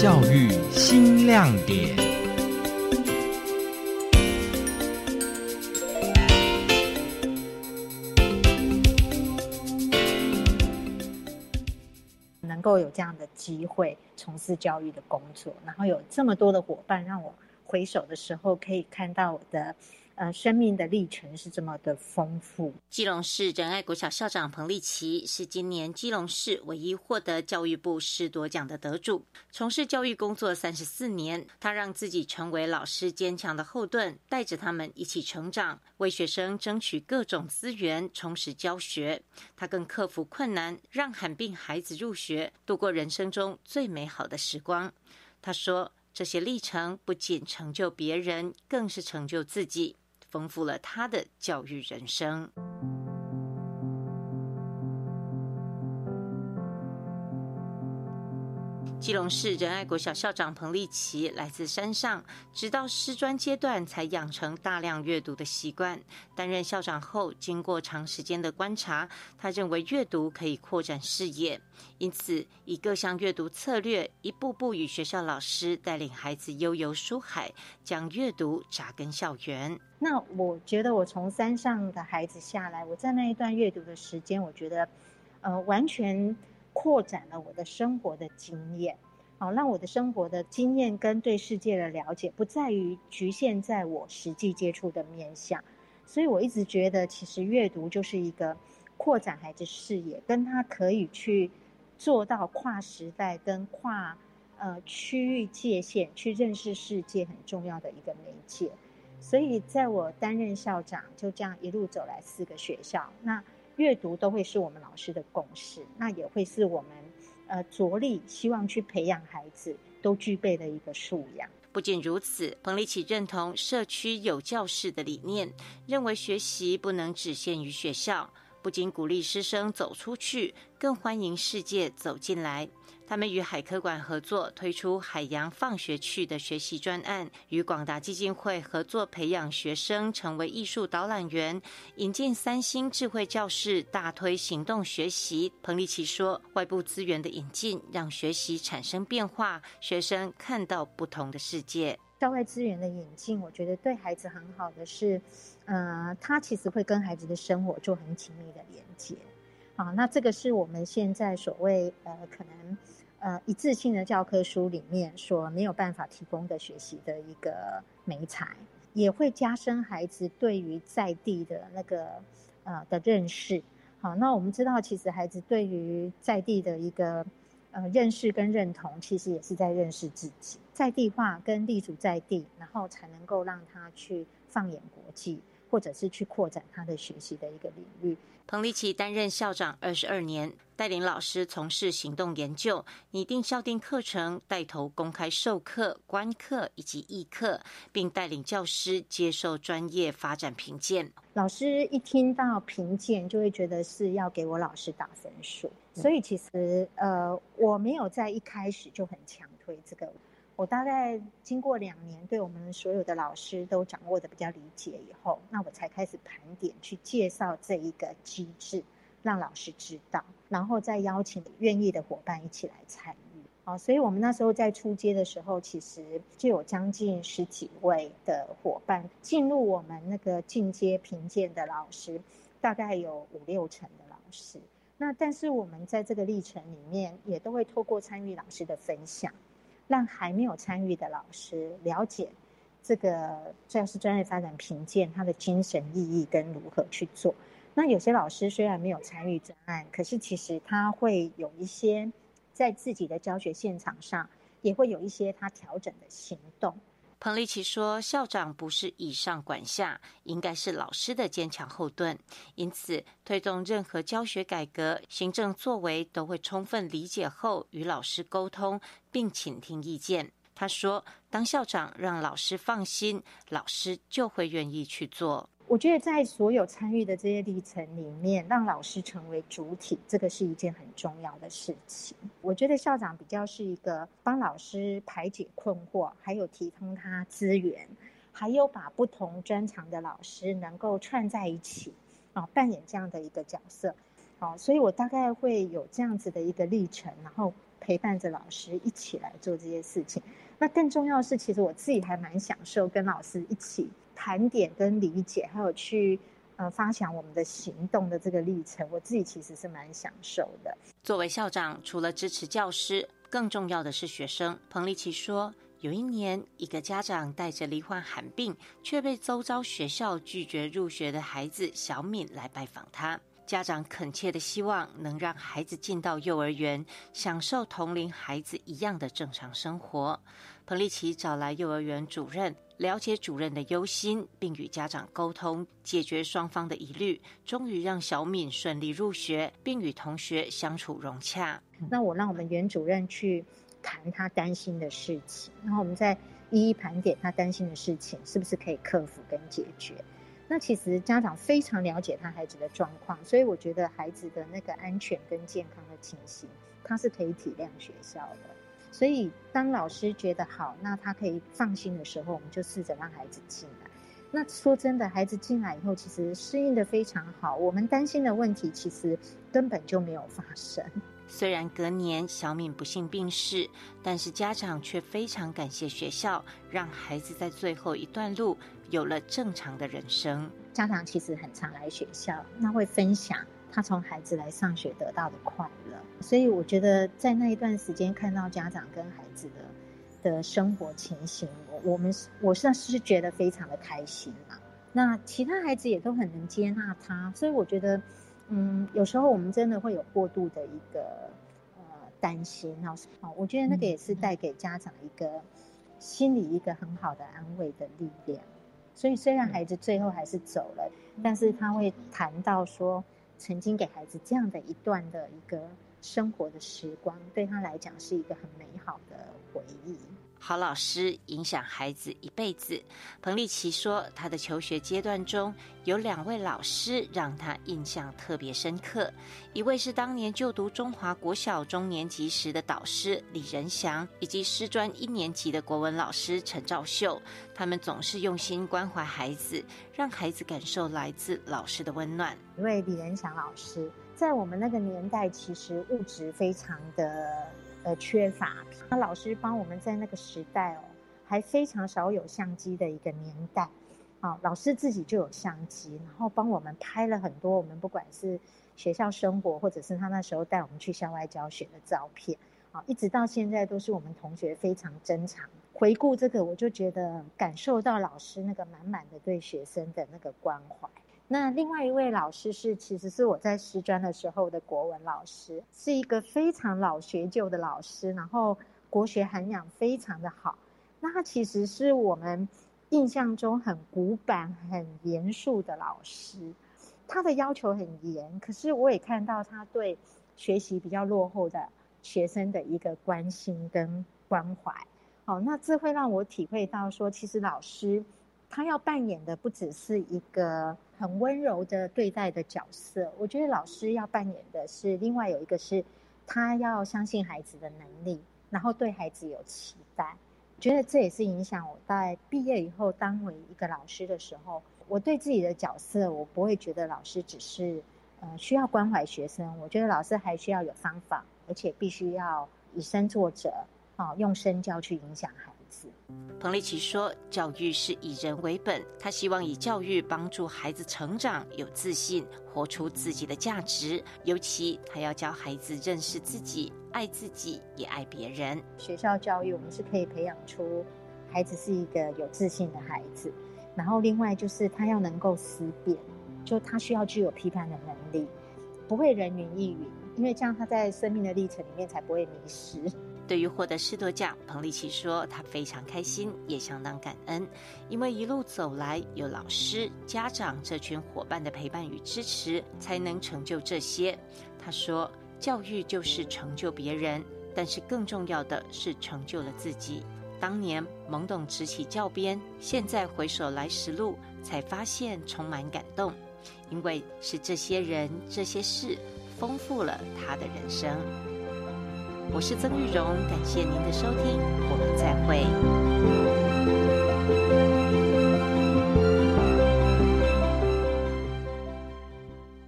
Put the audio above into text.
教育新亮點，能夠有這樣的機會從事教育的工作，然後有這麼多的夥伴，讓我回首的時候可以看到我的。呃，生命的歷程是這麼的豐富。基隆市仁愛國小校長彭麗琦是今年基隆市唯一獲得教育部師鐸獎的得主。從事教育工作三十四年，他讓自己成為老師堅強的後盾，帶着他們一起成長，為學生爭取各種資源，充實教學。他更克服困難，讓罕病孩子入學，度過人生中最美好的時光。他說，這些歷程不僅成就別人，更是成就自己。豐富了她的教育人生。基隆市仁愛國小校長彭麗琦來自山上，直到師專階段才養成大量閱讀的習慣。擔任校長後，經過長時間的觀察，他認為閱讀可以擴展視野，因此以各項閱讀策略，一步步與學校老師帶領孩子悠游書海，將閱讀紮根校園。那我覺得我從山上的孩子下來，我在那一段閱讀的時間，我覺得，呃，完全。擴展了我的生活的經驗，好讓我的生活的經驗跟對世界的了解，不在於侷限在我實際接觸的面向。所以我一直覺得，其實閱讀就是一個擴展孩子視野，跟他可以去做到跨時代跟跨呃區域界限去認識世界很重要的一個媒介。所以，在我擔任校長，就這樣一路走來四個學校，那。閱讀都會是我們老師的共識，那也會是我們呃着力希望去培養孩子都具備的一個素養。不僅如此，彭麗琦認同社區有教室的理念，認為學習不能只限於學校，不僅鼓勵師生走出去，更歡迎世界走進來。他們與海科館合作推出“海洋放學去”的學習專案，與廣達基金會合作培養學生成為藝術導覽員，引進三星智慧教室，大推行動學習。彭麗琦說：“外部資源的引進讓學習產生變化，學生看到不同的世界。校外資源的引進，我覺得對孩子很好的是，呃，他其實會跟孩子的生活做很緊密的連接。”好，那這個是我們現在所謂呃，可能呃，一致性的教科書裡面所沒有辦法提供的學習的一個媒材，也會加深孩子對於在地的那個呃的認識。好，那我們知道，其實孩子對於在地的一個呃認識跟認同，其實也是在認識自己，在地化跟立足在地，然後才能夠讓他去放眼國際。或者是去擴展他的學習的一個領域。彭麗琦擔任校長二十二年，帶領老師從事行動研究，擬定校定課程，帶頭公開授課、觀課以及議課，並帶領教師接受專業發展評鑑。老師一聽到評鑑，就會覺得是要給我老師打分數，所以其實呃，我沒有在一開始就很強推這個。我大概經過兩年，對我們所有的老師都掌握得比較理解以後，那我才開始盤點，去介紹這一個機制，讓老師知道，然後再邀請願意的夥伴一起來參與。啊，所以我們那時候在初階的時候，其實就有將近十幾位的夥伴進入我們那個進階評鑑的老師，大概有五六成的老師。那但是我們在這個歷程裡面，也都會透過參與老師的分享。讓還沒有參與的老師了解這個教師專業發展評鑑它的精神意義跟如何去做。那有些老師雖然沒有參與專案，可是其實他會有一些在自己的教學現場上，也會有一些他調整的行動。彭麗琦說：“校長不是以上管下，應該是老師的堅強後盾。因此，推動任何教學改革，行政作為都會充分理解後與老師溝通，並傾聽意見。”她說：“當校長讓老師放心，老師就會願意去做。”我覺得在所有參與的這些歷程裡面，讓老師成為主體，這個是一件很重要的事情。我覺得校長比較是一個幫老師排解困惑，還有提供他資源，還有把不同專長的老師能夠串在一起，啊，扮演這樣的一個角色。啊，所以我大概會有這樣子的一個歷程，然後陪伴着老師一起來做這些事情。那更重要的是，其實我自己還蠻享受跟老師一起盤點跟理解，還有去呃發想我們的行動的這個歷程，我自己其實是蠻享受的。作為校長，除了支持教師，更重要的是學生。彭麗琦說，有一年，一個家長帶着罹患罕病卻被周遭學校拒絕入學的孩子小敏來拜訪她。家長懇切的希望能讓孩子進到幼兒園，享受同齡孩子一樣的正常生活。彭麗琦找來幼兒園主任，了解主任的憂心，並與家長溝通，解決雙方的疑慮，終於讓小敏順利入學，並與同學相處融洽。那我讓我們園主任去談他擔心的事情，然後我們再一一盤點他擔心的事情，是不是可以克服跟解決？那其實家長非常了解他孩子的狀況，所以我覺得孩子的那個安全跟健康的情形，他是可以體諒學校的。所以當老師覺得好，那他可以放心的時候，我們就試着讓孩子進來。那說真的，孩子進來以後，其實適應得非常好。我們擔心的問題，其實根本就沒有發生。雖然隔年小敏不幸病逝，但是家長卻非常感謝學校，讓孩子在最後一段路有了正常的人生。家長其實很常來學校，那會分享他從孩子來上學得到的快樂。所以我覺得，在那一段時間看到家長跟孩子的的生活情形，我我們我算是覺得非常的開心嘛。那其他孩子也都很能接納他，所以我覺得。嗯，有時候我們真的會有過度的一個呃擔心啊，哦，我覺得那個也是帶給家長一個、嗯、心理一個很好的安慰的力量。所以雖然孩子最後還是走了，但是他會談到說，曾經給孩子這樣的一段的一個生活的時光，對他來講是一個很美好的回憶。好老師影響孩子一輩子。彭麗琦說，她的求學階段中有兩位老師讓她印象特別深刻，一位是當年就讀中華國小中年級時的導師李仁祥，以及師專一年級的國文老師陳兆秀。他們總是用心關懷孩子，讓孩子感受來自老師的溫暖。一位李仁祥老師在我們那個年代，其實物質非常的的缺乏，那老師幫我們在那個時代哦，還非常少有相機的一個年代，啊、哦，老師自己就有相機，然後幫我們拍了很多我們不管是學校生活，或者是他那時候帶我們去校外教學的照片，啊、哦，一直到現在都是我們同學非常珍藏。回顧這個，我就覺得感受到老師那個滿滿的對學生的那個關懷。那另外一位老師是，其實是我在師專的時候的國文老師，是一個非常老學究的老師，然後國學涵養非常的好。那他其實是我們印象中很古板、很嚴肅的老師，他的要求很嚴，可是我也看到他對學習比較落後的學生的一個關心跟關懷。哦，那這會讓我體會到說，其實老師他要扮演的不只是一個。很溫柔的對待的角色，我覺得老師要扮演的是另外有一個是，他要相信孩子的能力，然後對孩子有期待。覺得這也是影響我，在畢業以後當為一個老師的時候，我對自己的角色，我不會覺得老師只是，呃，需要關懷學生。我覺得老師還需要有方法，而且必須要以身作則，啊，用身教去影響孩子。彭麗琦說：“教育是以人為本，他希望以教育幫助孩子成長，有自信，活出自己的價值。尤其他要教孩子認識自己，愛自己，也愛別人。學校教育我們是可以培養出孩子是一個有自信的孩子，然後另外就是他要能夠思辨，就他需要具有批判的能力，不會人云亦云，因為這樣他在生命的歷程裡面才不會迷失。”對於獲得師鐸獎，彭麗琦說：“她非常開心，也相當感恩，因為一路走來有老師、家長這群夥伴的陪伴與支持，才能成就這些。”她說：“教育就是成就別人，但是更重要的是成就了自己。當年懵懂執起教鞭，現在回首來時路，才發現充滿感動，因為是這些人、這些事，豐富了她的人生。”我是曾玉榮，感謝您的收聽，我們再會。